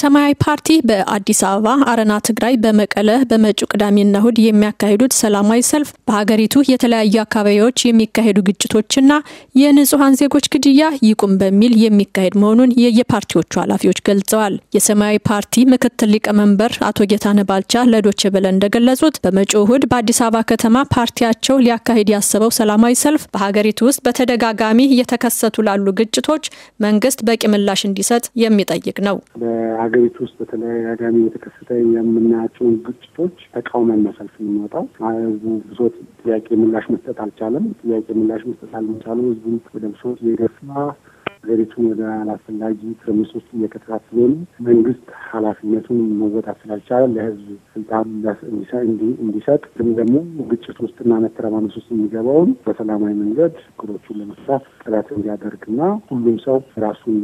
ሰማያዊ ፓርቲ በአዲስ አበባ፣ አረና ትግራይ በመቀለ በመጪው ቅዳሜና እሁድ የሚያካሂዱት ሰላማዊ ሰልፍ በሀገሪቱ የተለያዩ አካባቢዎች የሚካሄዱ ግጭቶችና የንጹሐን ዜጎች ግድያ ይቁም በሚል የሚካሄድ መሆኑን የየፓርቲዎቹ ኃላፊዎች ገልጸዋል። የሰማያዊ ፓርቲ ምክትል ሊቀመንበር አቶ ጌታነ ባልቻ ለዶቼ ቬለ እንደገለጹት በመጪው እሁድ በአዲስ አበባ ከተማ ፓርቲያቸው ሊያካሂድ ያሰበው ሰላማዊ ሰልፍ በሀገሪቱ ውስጥ በተደጋጋሚ እየተከሰቱ ላሉ ግጭቶች መንግስት በቂ ምላሽ እንዲሰጥ የሚጠይቅ ነው። በሀገሪቱ ውስጥ በተደጋጋሚ የተከሰተ የምናያቸውን ግጭቶች ተቃውመን መሰልፍ ሰልፍ የምንወጣው። ህዝቡ ብሶት፣ ጥያቄ ምላሽ መስጠት አልቻለም። ጥያቄ ምላሽ መስጠት አልቻለም። ህዝቡ ወደ ብሶት እየገፋ ሀገሪቱን ወደ አላስፈላጊ ትርምስ ውስጥ እየከተታት ስለሆነ መንግስት ኃላፊነቱን መወጣት ስላልቻለ ለህዝብ ስልጣን እንዲሰጥ ግን ደግሞ ግጭት ውስጥና መተረማመስ ውስጥ የሚገባውን በሰላማዊ መንገድ ችግሮቹን ለመፍታት ጥረት እንዲያደርግና ሁሉም ሰው ራሱን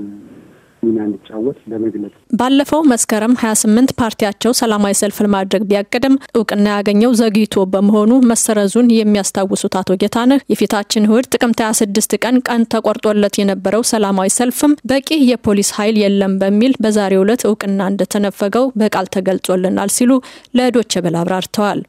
ሚና እንዲጫወት ለመግለጽ ባለፈው መስከረም 28 ፓርቲያቸው ሰላማዊ ሰልፍ ለማድረግ ቢያቅድም እውቅና ያገኘው ዘግይቶ በመሆኑ መሰረዙን የሚያስታውሱት አቶ ጌታነህ የፊታችን እሁድ ጥቅምት 26 ቀን ቀን ተቆርጦለት የነበረው ሰላማዊ ሰልፍም በቂ የፖሊስ ኃይል የለም በሚል በዛሬው ዕለት እውቅና እንደተነፈገው በቃል ተገልጾልናል ሲሉ ለዶቸ በል አብራርተዋል።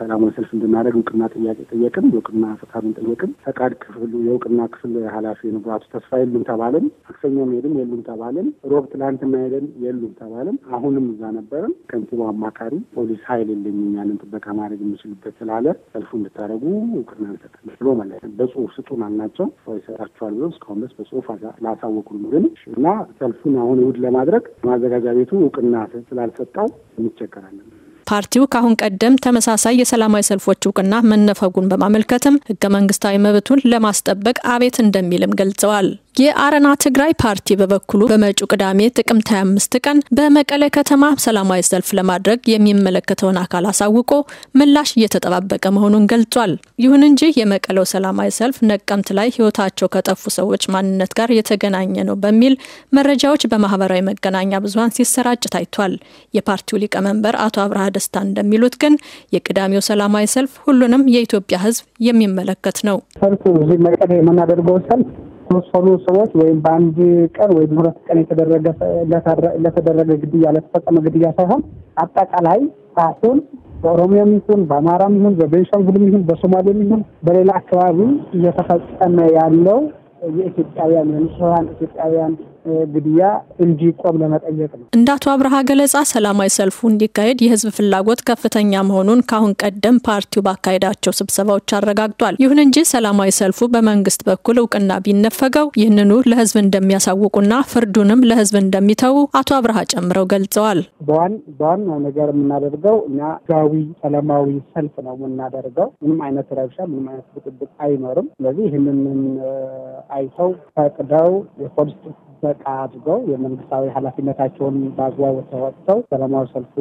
ሰላማዊ ሰልፍ እንድናደርግ እውቅና ጥያቄ ጠየቅን። የእውቅና ፈቃዱን ጠየቅን። ፈቃድ ክፍሉ የእውቅና ክፍል ኃላፊ ንጉራቱ ተስፋ የሉም ተባለን። ማክሰኞም ሄድን የሉም ተባለን። ሮብ ትላንትና ሄደን የሉም ተባለን። አሁንም እዛ ነበረን። ከንቲባው አማካሪ ፖሊስ ኃይል የለኝም ያንን ጥበቃ ማድረግ የምችልበት ስላለ ሰልፉ እንድታደረጉ እውቅና እንሰጣለን ብሎ ማለት በጽሁፍ ስጡን አልናቸው። ሰው ይሰጣቸዋል ብሎ እስካሁን ድረስ በጽሁፍ ላሳወቁን ግን እና ሰልፉን አሁን እሑድ ለማድረግ ማዘጋጃ ቤቱ እውቅና ስላልሰጠው እንቸገራለን። ፓርቲው ከአሁን ቀደም ተመሳሳይ የሰላማዊ ሰልፎች እውቅና መነፈጉን በማመልከትም ህገ መንግስታዊ መብቱን ለማስጠበቅ አቤት እንደሚልም ገልጸዋል። የአረና ትግራይ ፓርቲ በበኩሉ በመጪው ቅዳሜ ጥቅምት 25 ቀን በመቀለ ከተማ ሰላማዊ ሰልፍ ለማድረግ የሚመለከተውን አካል አሳውቆ ምላሽ እየተጠባበቀ መሆኑን ገልጿል። ይሁን እንጂ የመቀለው ሰላማዊ ሰልፍ ነቀምት ላይ ሕይወታቸው ከጠፉ ሰዎች ማንነት ጋር የተገናኘ ነው በሚል መረጃዎች በማህበራዊ መገናኛ ብዙሀን ሲሰራጭ ታይቷል። የፓርቲው ሊቀመንበር አቶ አብርሃ ደስታ እንደሚሉት ግን የቅዳሜው ሰላማዊ ሰልፍ ሁሉንም የኢትዮጵያ ሕዝብ የሚመለከት ነው። ሰልፉ እዚህ መቀለ የምናደርገው ሰልፍ የተወሰኑ ሰዎች ወይም በአንድ ቀን ወይም ሁለት ቀን ለተደረገ ግድያ ለተፈጸመ ግድያ ሳይሆን አጠቃላይ አሁን በኦሮሚያም ይሁን በአማራም ይሁን በቤንሻንጉልም ይሁን በሶማሌም ይሁን በሌላ አካባቢ እየተፈጸመ ያለው የኢትዮጵያውያን የንጹሐን ኢትዮጵያውያን ግድያ እንዲቆም ለመጠየቅ ነው። እንደ አቶ አብርሃ ገለጻ ሰላማዊ ሰልፉ እንዲካሄድ የህዝብ ፍላጎት ከፍተኛ መሆኑን ከአሁን ቀደም ፓርቲው ባካሄዳቸው ስብሰባዎች አረጋግጧል። ይሁን እንጂ ሰላማዊ ሰልፉ በመንግስት በኩል እውቅና ቢነፈገው ይህንኑ ለህዝብ እንደሚያሳውቁና ፍርዱንም ለህዝብ እንደሚተዉ አቶ አብርሃ ጨምረው ገልጸዋል። በዋናው ነገር የምናደርገው እኛ ህጋዊ ሰላማዊ ሰልፍ ነው የምናደርገው። ምንም አይነት ረብሻ፣ ምንም አይነት ብጥብጥ አይኖርም። ስለዚህ ይህንን አይተው ፈቅደው የፖሊስ አድርገው የመንግስታዊ ኃላፊነታቸውን በአግባቡ ተወጥተው ሰላማዊ ሰልፉ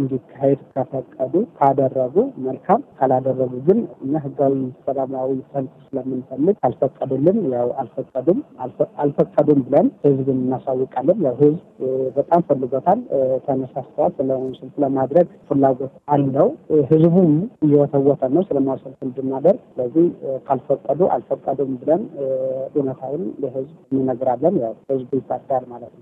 እንዲካሄድ ከፈቀዱ ካደረጉ መልካም፣ ካላደረጉ ግን እኛ ህጋዊ ሰላማዊ ሰልፍ ስለምንፈልግ አልፈቀዱልን፣ ያው አልፈቀዱም አልፈቀዱም ብለን ህዝብ እናሳውቃለን። ያው ህዝብ በጣም ፈልጎታል፣ ተነሳስተዋል። ሰላማዊ ሰልፍ ለማድረግ ፍላጎት አለው። ህዝቡም እየወተወተ ነው ሰላማዊ ሰልፍ እንድናደርግ። ስለዚህ ካልፈቀዱ አልፈቀዱም ብለን እውነታውን ለህዝብ እንነግራለን። ያው ህዝብ y pasar malo